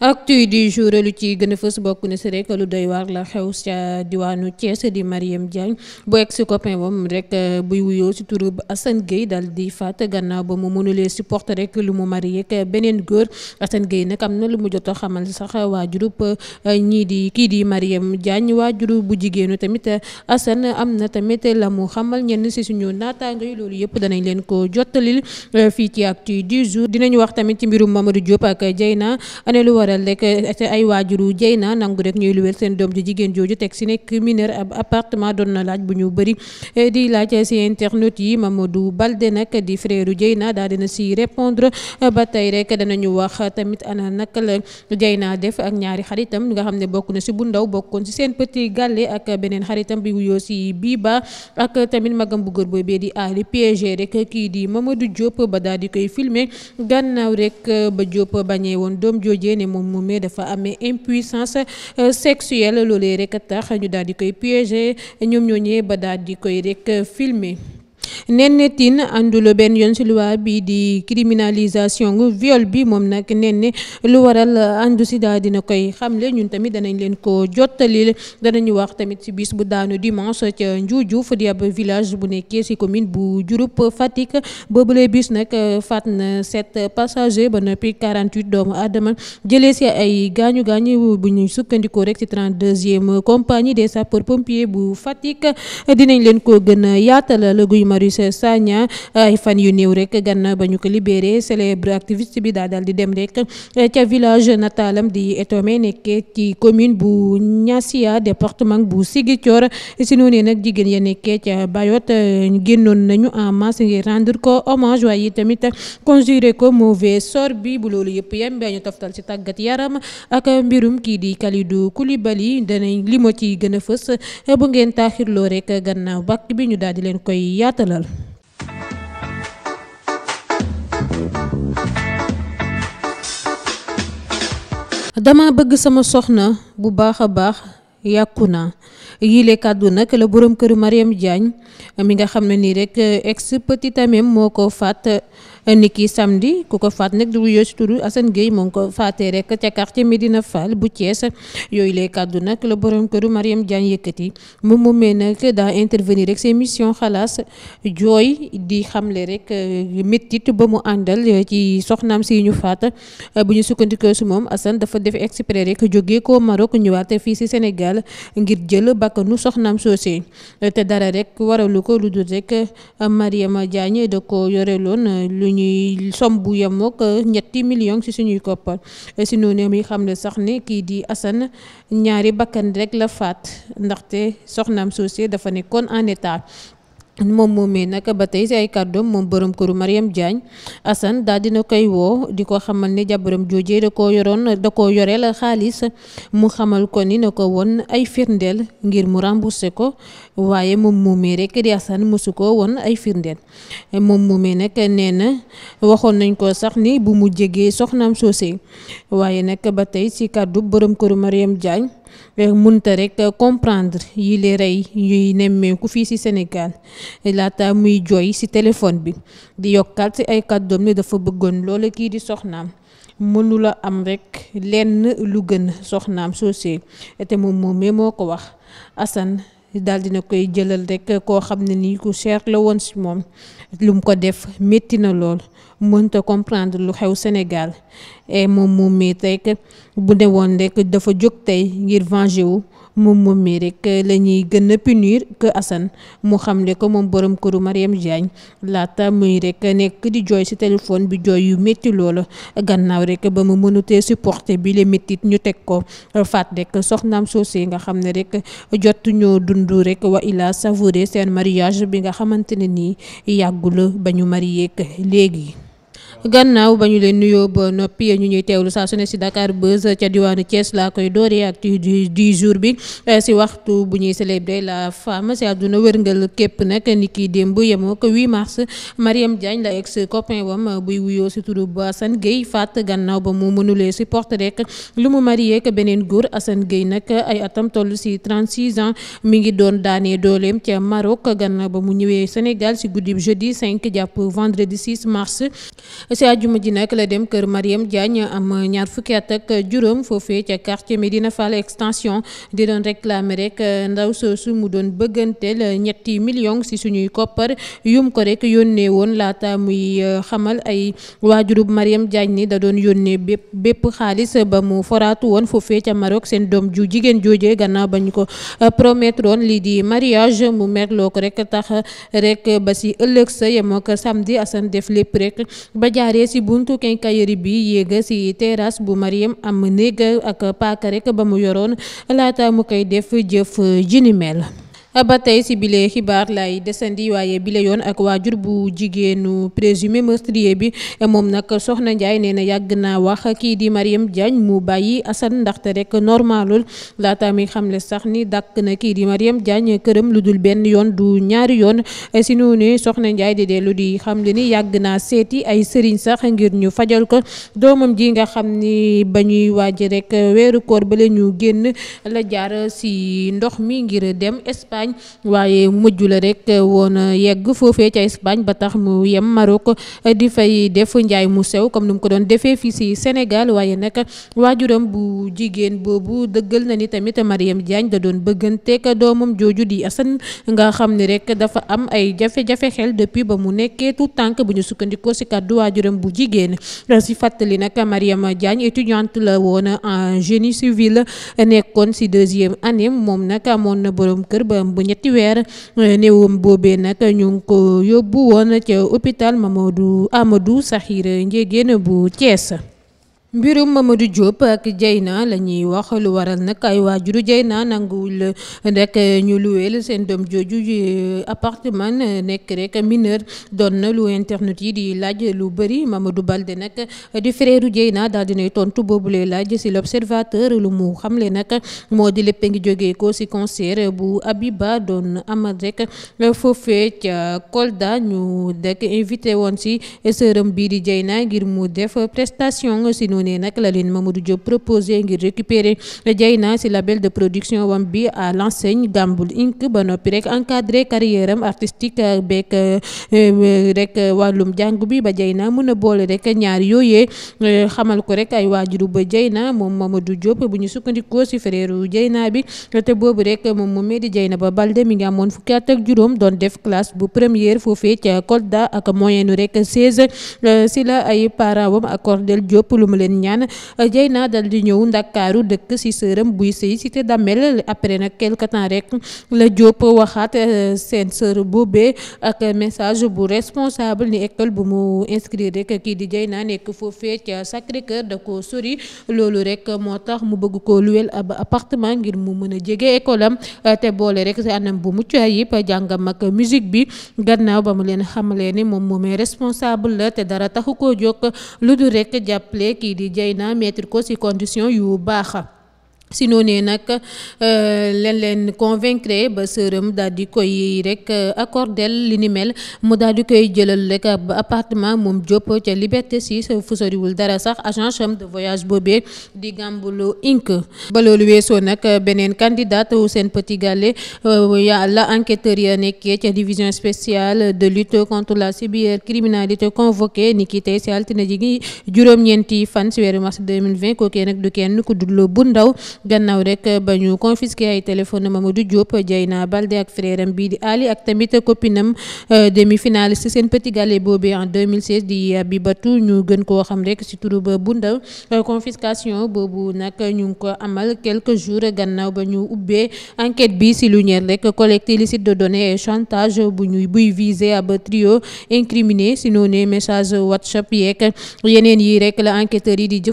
actu di jour lu ci gën a fës bokk na si rek lu doy waar la xew ca diwaanu ceese di Mariam Diagne bu ex copain bam rek eh, buy wuyoo si turu Assane Gueye dal di faat gannaaw ba mu mënulee supporter rek lu mu marié ak beneen góor Assane nag am na lu mu jot a xamal sax waajurub eh, ñii di kii di Mariam Diagne waajuru bu jigéenu tamit eh, Assane am na tamit la mu xamal ñenn si suñu naataango yi loolu yëpp danañ leen ko jottalil fii ci actu du jour dinañ wax tamit ci mbirum Mamadou Diop ak Dieyna waral rek eh, ay waajuru jëy na nangu rek ñuy luwel seen doom ju jigéen jooju teg si nekk mineur ab appartement doon na laaj bu ñu bëri eh, di laaj si internet yi Mamadou Balde nag di frère Dieyna daal dina si répondre eh, ba tey rek danañu wax tamit ana naka la Dieyna def ak ñaari xaritam nga xam ne bokk na si bu ndaw bokkoon si seen petit gàlle ak beneen xaritam bi wuyoo si biiba ak tamit magam bu góor boobee di Ali piégé rek kii di Mamadou Diop ba daal di koy filmer gannaaw rek ne moom moomee dafa ame amee impuissance euh, sexuelle loolee rek tax ñu daal di koy piéger ñoom ñooñee ba daal di koy rek euh, filmer Néné Tine àndul benn yoon si loi bii di criminalisation viole bi moom nag Néné lu waral àndu si daal dina koy xam xamle ñun tamit danañ leen ko jottalil danañu wax tamit si bis bu daanu dimanche ca Ndioujouf di ab village bu nekkee si commune bu Diouroup Fatick boobule bis nag euh, faat na sept passager ba noppi 48 doomu aadama jële si ay gaañu gaañu bu ñu sukkandikoo rek si 32e compagnie des sapeurs pompiers bu Fatick dinañ leen ko gën a Marius Sagna ay fan yu néew rek gànnaaw ba ñu ko libéré célèbre activiste bi daa di dem rek eh, ca village natalam di Etomé nekkee ci commune bu Niassia département bu Ziguinchor si noonu nag jigéen ya nekkee ca Bayot eh, génnoon nañu en masse ngir rendre ko hommage waaye tamit conjuré ko mauvais sort bi bu loolu yëpp yem ba ñu toftal ci tàggat yaram ak mbirum kii di Kalidou Koulibaly danañ li ma ci gën a fës eh, bu ngeen taaxirloo rek gannaaw bàkk bi ñu daal di dama bëgg sama soxna bu baax a baax yàkku na yile kàddu nag la boroom kër Mariam Diagne mi nga xam ne nii rek ex petit moo ko faat. Euh, ni ki samedi ku ko faat nag di wuyoo si turu Assane Gueye moo ngi faatee rek ca quartier Medina Fall bu Thiès yooyu lay kàddu nag la borom këru Mariam Diagne yëkkati moom mu mee nag daa intervenir rek seen mission xalaas jooy di xamle rek euh, méttit ba mu àndal euh, ci soxnaam si ñu faat bu ñu si moom Assane dafa def exprès rek jógee ko Maroc ñëwaat fii si Sénégal ngir jël bakkanu soxnaam soosee te dara ko lu dul lu ñuy somme bu yemook euh, ñetti million ci suñuy koppar si euh, noonu mi xam ne sax ne kii di Assane ñaari bakkan rek la faat ndaxte soxnaam soosee dafa nekkoon en état moom moomee nag ba tey si ay kàddoom moom borom këru Mariam Diagne Assane daal dina koy woo di ko xamal ne jabaram joojee da koo yoroon da koo yoreel xaalis mu xamal ko ni ne ko won ay firndeel ngir mu remboursé ko waaye moom moomee rek di Assane mosu ko won ay firndeel moom moomee nag nee na waxoon nañ ko sax ni bu mu jegee soxnaam soosee waaye nag ba tey si kàddu borom këru Mariam Diagne Euh, munta rek euh, comprendre yi li rey ñuy nemmeeku fii ci Sénégal laata muy jooy ci téléphone bi di yokkaat ci ay kàddoom ne dafa bëggoon loola kii di soxnaam mënula am rekk lenn lu gën soxnaam soosee te moom moomee moo ko wax Assane daal dina koy jëlal rekk koo xam ne nii ku cher la woon ci moom lum ko def metti na lool mënta comprendre lu xew Sénégal et moom moom mii rek bu ne woon rek dafa jóg tey ngir venger wu moom moom mii rek lañuy ñuy gën a punir que Assane mu ne ko moom borom këru Mariam Diagne laata muy rek nekk di jooy ci téléphone bi jooy yu métti loola gannaaw rekk ba mu mënutee supporter bi le méttit ñu teg ko faat rek soxnaam soose nga xam ne rek jot ñoo dund rek wa ila savouré seen mariage bi nga xamante ne nii yàggul ba ñu marié léegi. gannaaw ba ñu leen nuyoo ba noppi ñu ñuy teewlu saa su ne si Dakar Buzz ca diwaanu Thiès laa koy dooree ak du jour bi si eh, waxtu bu ñuy célébrer la femme si àdduna wërngal képp nag ni kii démb yemoo ko 8 mars Mariam Diagne la ex copain wam buy wuyoo si turu ba Assane Gueye faat gannaaw ba mu mënulee supporter rek lu mu marié ak beneen góor Assane Gueye nag ay atam toll si 36 ans mi ngi doon daanee dooleem ca Maroc gannaaw ba mu ñëwee Sénégal si guddi jeudi 5 jàpp vendredi 6 mars si àjjuma ji nag la dem kër Mariam Diagne am ñaar fukki at ak juróom foofee ca quartier dina Fall extension di doon réclamer rek euh, ndaw su mu doon bëgganteel ñetti million si suñuy koppar yum ko rekk yónnee woon laata muy euh, xamal ay waajurub Mariam Diagne ni da doon yónnee bépp bépp xaalis ba mu foraatu woon foofee ca Maroc seen doom ju jigéen joojee gannaaw bañ ko euh, promettre woon lii di mariage mu merloo ko rek tax rekk ba si ëllëg sa yemoo ko samedi def lépp rek ba jaaree ci buntu quincaillerie bi yéega ci teraas bu Mariam am néeg ak paaka rek ba mu yoroon laata mu koy def jëf ji mel Ah, ba tey si bile xibaar lay desandi waaye bile yoon ak waajur bu jigéenu présumé meurtrier bi eh, moom nag soxna Ndiaye nee na yàgg naa wax kii di Mariam Diagne mu bàyyi Assane ndaxte rekk normalul laata mi xamle sax ni dàkk na kii di Mariam Diagne këram lu dul benn yoon du ñaari yoon eh, si noonu soxna Ndiaye di dellu di xamle ni yàgg naa seeti ay sëriñ sax ngir ñu fajal ko doomam ji nga xam ni ba ñuy waaj rek weeru koor bale ñu génn la jaar si ndox mi ngir Espagne waaye mujj la rek woon yegg foofee ca Espagne ba tax mu yem Maroc di fay def njaay mu sew comme ni mu ko doon defee fii si Sénégal waaye nag waajuram bu jigéen boobu dëggal na ni tamit Mariam jaañ da doon bëgganteeg doomam jooju di Assane nga xam ne rek dafa am ay jafe-jafe xel depuis ba mu nekkee tout tànk bu ñu sukkandikoo si kàddu waajuram bu jigéen si fàttali nag Mariam Diagne étudiante la woon en génie civil nekkoon si deuxième année bu ñetti weer eh, néewam boobee nag ñu ko yóbbu woon ca hôpital Mamadou Amadou Sakhir Ndiéguène bu Thiès. mbirum Mamadou Diop ak Dieyna la ñuy wax lu waral nag ay waajuru Dieyna nanguwul rek ñu luweel seen doom jooju appartement nekk rek mineur doon na lu internet yi di laaj lu bëri Mamadou Balde nag di frère Dieyna daal dinay tontu boobu lay laaj si l'observateur lu mu xamle nag moo di lépp ngi jógee ko si concert bu Abiba doon amal rek foofee ca Kolda ñu dekk invité woon si sërëm bii di Dieyna ngir mu def prestation si noonu noonee nag la leen Mamadou Diop proposé ngir récupérer Dieyna ci label de production wam bi à l'enseigne Gamboul Inc ba noppi rek encadré carrière am artistique beeg euh, rek wàllum jàng bi ba Dieyna mën a boole rek ñaar yooyee euh, xamal ko rek ay waajuru ba Dieyna moom Mamadou Diop bu ñu sukkandikoo ci frèeru Dieyna bi te boobu rek moom moomee di Dieynaba Balde mi ngi amoon fukki at ak juróom doon def classe bu première foofee ca Kolda ak moyenne rek 16 euh, ci la ay parents wam seen ñaan Dieyna dal di ñëw ndakaaru dëkk si sëram buy sëy cité Damel après nag quelque temps rek la Diop waxaat euh, seen sër boobee ak message bu responsable ni école bu mu inscrire rek kii di naa nekk foofee ca Sacré Cœur da ko sori loolu rek moo tax mu bëgg ko luwel ab appartement ngir mu mën a jege école am te boole rek si anam bu mucc ayib jàngam ak musique bi gannaaw ba mu leen xamalee ni moom moomee responsable la te dara taxu koo jóg lu du jay na mettre ko ci condition yu baax si noonee nag euh, leen leen convaincre ba sërëm daal di koy rek euh, accordel li ni mu daal di koy jëlal rek ab appartement moom Diop ca Liberté 6 fu dara sax agence de voyage boobee di Gambolo Inc. ba loolu weesoo nag beneen candidate wu seen petit gallé euh, la enquêteur ya nekkee ca division spéciale de lutte contre la cybercriminalité convoqué ni ki tey si altine ji juróom-ñeenti fan si weeru mars 2020 kookee nag du kenn ku dul bu ndaw gannaaw rek ba ñu confisqué ay téléphone Mamadou Diop Dieyna Baldé ak frère am bii di Ali ak tamit copinam euh, demi-finaliste seen Petit Galle boobee en 2016 di Habibatou ñu gën koo xam rek ci turu bu ndaw euh, confiscation boobu nag ñu ngi ko amal quelques jours gannaaw ba ñu ubbee enquête bi ci lu ñeel rek collecte illicite de données et chantage bu ñuy buy visé ab trio incriminé ci noonu message WhatsApp yeeg yeneen yi rek la enquêteurs yi di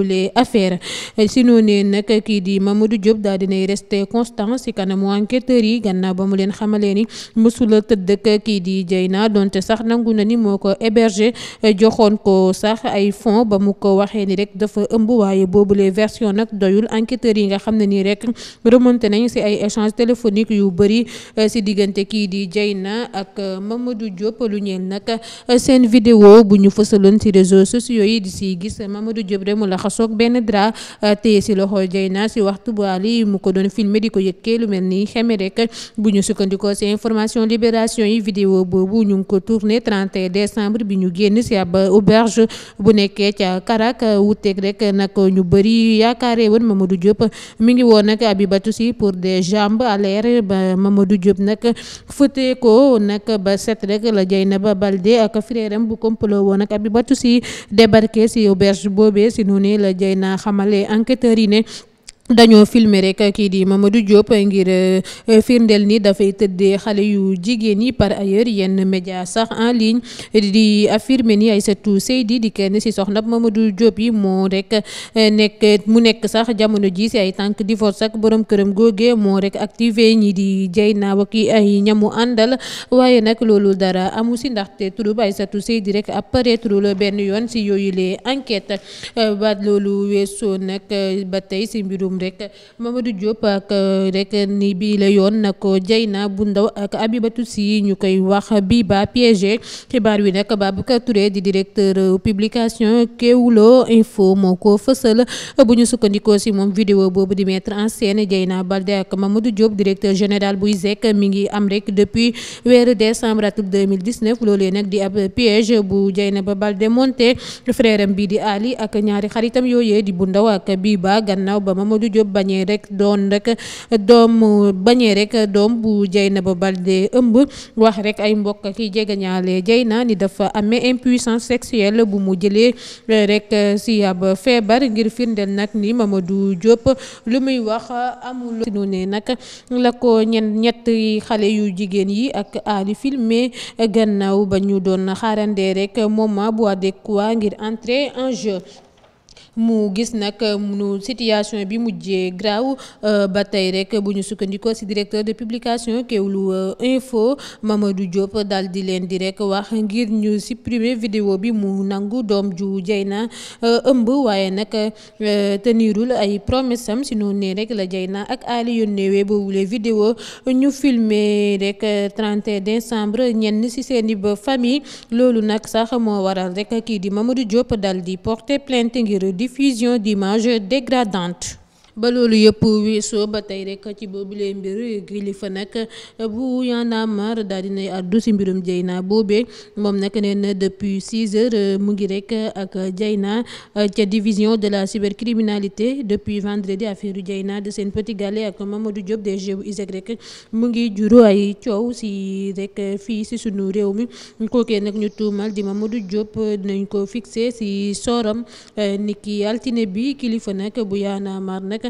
boobule affaire eh, si noonee nag kii di Mamadou Diop daal dinay resté constant si kanamu enquêteurs yi gannaaw ba mu leen xamalee ni mësula tëdd ak kii di Dieyna donte sax nangu na ni moo ko hébergé eh, joxoon ko sax ay fon ba mu ko waxee ni rek dafa ëmb waaye boobule version nag doyul enquêteurs yi nga xam ne nii rek remonté nañ si ay échange téléphonique yu bëri eh, si diggante kii di Dieyna ak Mamadou Diop lu ñeel nag seen vidéo bu ñu fësaloon si réseaux sociaux yi fasoog benn drap eh, téye si loxo jay naa si waxtu bu Ali mu ko doon filmer di ko yëkkee lu mel ni xeme rek bu ñu sukkandikoo si information libération yi vidéo boobu ñu ngi ko tourné 31 décembre bi ñu génn si ab auberge bu nekkee ca Karak eh, wuuteeg rek nag ñu bëri yaakaaree woon Mamadou Diop mi ngi woon nag Abibatou Sy pour des jambes à l'air ba Mamadou Diop nag fëtee ko nag ba set rek la Dieynaba Baldé ak frère am bu complot woon nag Abibatou Sy débarqué si auberge boobee si noonu la jëy naa xamale enquêteurs yi ne dañoo filmer rek kii di Mamadou Diop ngir eh, firndeel ni dafay tëddee xale yu jigéen yi par ailleurs yenn média sax en ligne di affirmer ni Aïssatou Seydi di kenn si soxna Mamadou Diop yi moo rek eh, nekk mu nekk sax jamono ji si ay tànk divorce ak borom këram googe moo rek activé ñi di jay naaw ak ay ñamu àndal waaye nag loolu dara amu si ndaxte turub Aïssatou Seydi rek apparaître la benn yoon si yooyu enquête eh, ba loolu weesoo nag ba tey si rek Mamadou Diop ak euh, rek ni bii la yoon nag Dieyna bu ndaw ak Abibatou Sy ñu koy wax bii ba piégé xibaar wi nag Babacar Touré di directeur euh, publication Kewoulo Info moo ko fësal bu ñu sukkandikoo si moom vidéo boobu di mettre en scène Dieyna Baldé ak Mamadou Diop directeur général buy ZEC mi ngi am rek depuis weer décembre atum 2019 loolee nag di ab piège bu Dieynaba Baldé monté frère am bii di Ali ak ñaari xaritam yooyee di bu ndaw ak bii ba gannaaw ba Mamadou Diop bañee rek doon rek doom bañee rek doom bu na ba Baldé ëmb wax rek ay mbokk ki jegeñaale Dieyna ni dafa amee impuissance sexuelle bu mu jëlee eh, rek eh, si ab feebar ngir firndeel nag ni du Diop lu muy wax amul ne nag la ko ñen xale yu jigéen yi ak aali filmé gannaaw ba ñu doon xaarandee rek moment bu adéquat ngir entrer en jeu mu gis nag euh, nu situation bi mujjee graaw euh, ba tey rek bu ñu sukkandikoo ci directeur de publication lu euh, info Mamadou Diop daal di leen di rek wax ngir ñu supprimer vidéo bi mu nangu doom ju Dieyna ëmb waaye nag tenirul ay promesse am ci noonu ne rek la ak Ali yónneewee boobule vidéo ñu filmer rek 31 décembre ñenn ci seeni ba nag sax moo kii di Mamadou Diop daal plainte ngir. diffusion d'images dégradantes. ba loolu yëpp weesoo ba tey rek ci boobule mbir kilifa nag bu Y'en a dal di dinay addu si mbirum Dieyna boobee moom nag nee depuis 6 heures euh, mu ngi rek ak Dieyna euh, ca division de la cybercriminalité depuis vendredi affaire u Dieyna de Sen Petit Gallé ak Mamadou Diop DG bu ISEG rek mu ngi juru ay coow si rek fii si sunu réew mi kookee nag ñu tuumal di ma Mamadou Diop euh, dinañ ko fixé si sooram ki altine bi kilifa nag bu Y'en a nag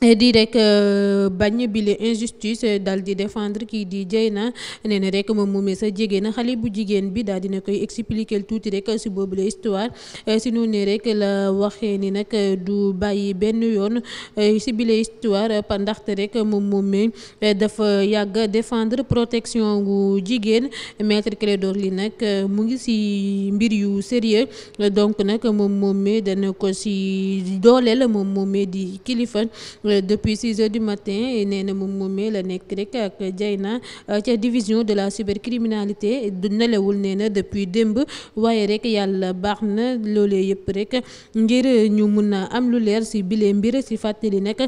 di rek euh, bañ bile injustice daal di defendre kii di Dieyna nee na rek moom moomee sa jege na xale bu jigéen bi daal dina koy expliquer tuuti rek si boobu la histoire euh, si nu ne rek la waxee ni nag euh, du bàyyi benn yoon si bile histoire par rek moom moomee dafa yàgg defendre protection gu jigéen maître Clédor li nag mu ngi si mbir yu sérieux donc nag moom moomee dana ko si dooleel moom moomee di kilifa. Euh, depuis 6 heures du matin nee na moom moomee la nekk rek ak Dieyna euh, ca division de la cybercriminalité du nelawul nee na depuis démb waaye rek yàlla baax na loolee yëpp rek ngir ñu mun a am lu leer si bile mbir si fàttali nag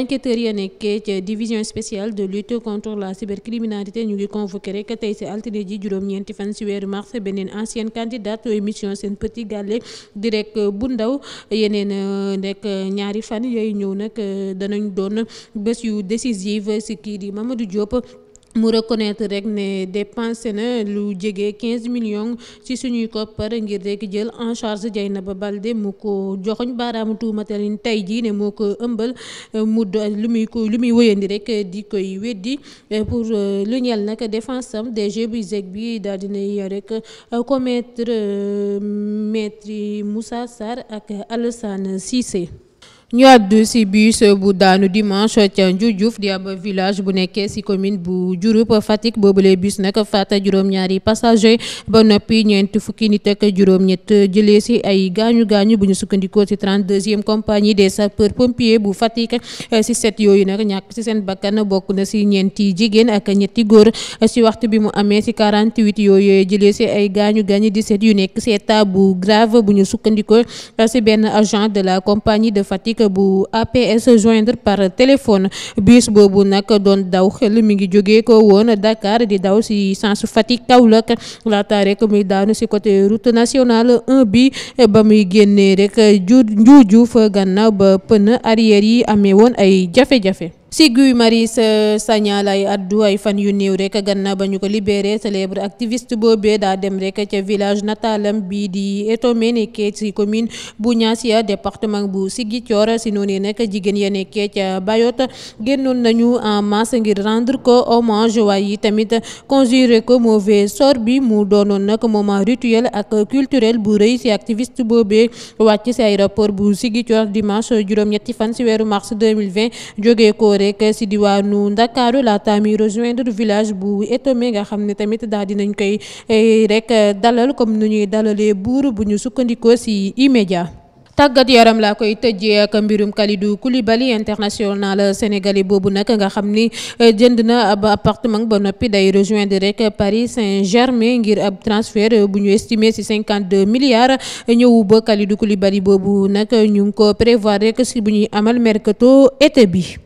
enquêteurs ya nekkee ca division spéciale de lutte contre la cybercriminalité ñu ngi convoqué rek tey si altine ji juróom-ñeenti fan si weeru mars beneen ancienne candidate émission seen petit gàlle di rek bu ndaw yeneen euh, danañ doon bés yu décisive si kii di Mamadou Diop mu reconnaître rek ne dépensé na lu jege 15 millions ci suñuy koppar ngir rek jël en charge Dieynaba Balde mu ko joxoñ baaraamu tuumatalin tey jii ne moo ko ëmbal mu lu muy ko lu muy wëyandi rek di koy weddi pour euh, lu ñeel nag défense am DG bu zeg bi daal dinay rek commettre euh, maître Moussa Sarr ak Alassane Cissé ñu àddu si bus bu daanu dimanche ca Ndioudiouf di ab village bu nekkee si commune bu Diouroup Fatick boobule biis nag faat juróom-ñaari passager ba noppi ñeent fukki nit ak juróom-ñett jëlee si ay gaañu gaañu bu ñu sukkandikoo si 32e compagnie des sapeurs pompiers bu Fatick si set yooyu nag ñàkk si seen bakkan bokk na si ñeenti jigéen ak ñetti góor si waxtu bi mu amee si 48 yooyu jëlee si ay gaañu gaañu 17 yu nekk si bu grave bu ñu sukkandikoo si benn agent de la compagnie de Fatick. technique bu APS joindre par téléphone bis boobu nag doon daw xel mi ngi jóge ko woon Dakar di daw si sens Fatick Kaolack laata rek muy daanu si côté route nationale 1 bi ba muy génnee rek ju njuujuuf gannaaw ba pneu arrière yi amee woon ay jafe-jafe. si Guy sa eh, Sagna lay addu ay fan yu néew rek gannaaw ba ñu ko libéré célèbre activiste boobee daa dem rek ca village natalam bii di Etomé nekkee ci commune bu Niassia département bu Ziguinchor si noonu nag jigéen ya nekkee ca Bayot génnoon nañu en masse ngir rendre ko hommage waaye tamit conjurer ko mauvais sort bi mu doonoon nag moment rituel ak culturel bu rëy si activiste boobee wàcc si aéroport bu Ziguinchor dimanche juróom-ñetti fan si weeru mars 2020 jógee ko. ko rek si diwaanu Ndakaaru laata mi rejoindre village bu Etomé nga xam ne tamit daal dinañ koy eh, rek dalal comme nu ñuy dalalee buur bu ñu sukkandikoo si immédiat tàggat yaram laa koy tëjee ak mbirum Kalidou Koulibaly international sénégalais boobu nag nga xam ni eh, jënd na ab appartement ba noppi day rejoindre rek Paris Saint-Germain ngir ab transfert bu ñu estimé ci cinquante milliards ñëwu ba Kalidou Koulibaly boobu nag ñu ngi ko prévoir rek ci bu ñuy amal mercato été bi.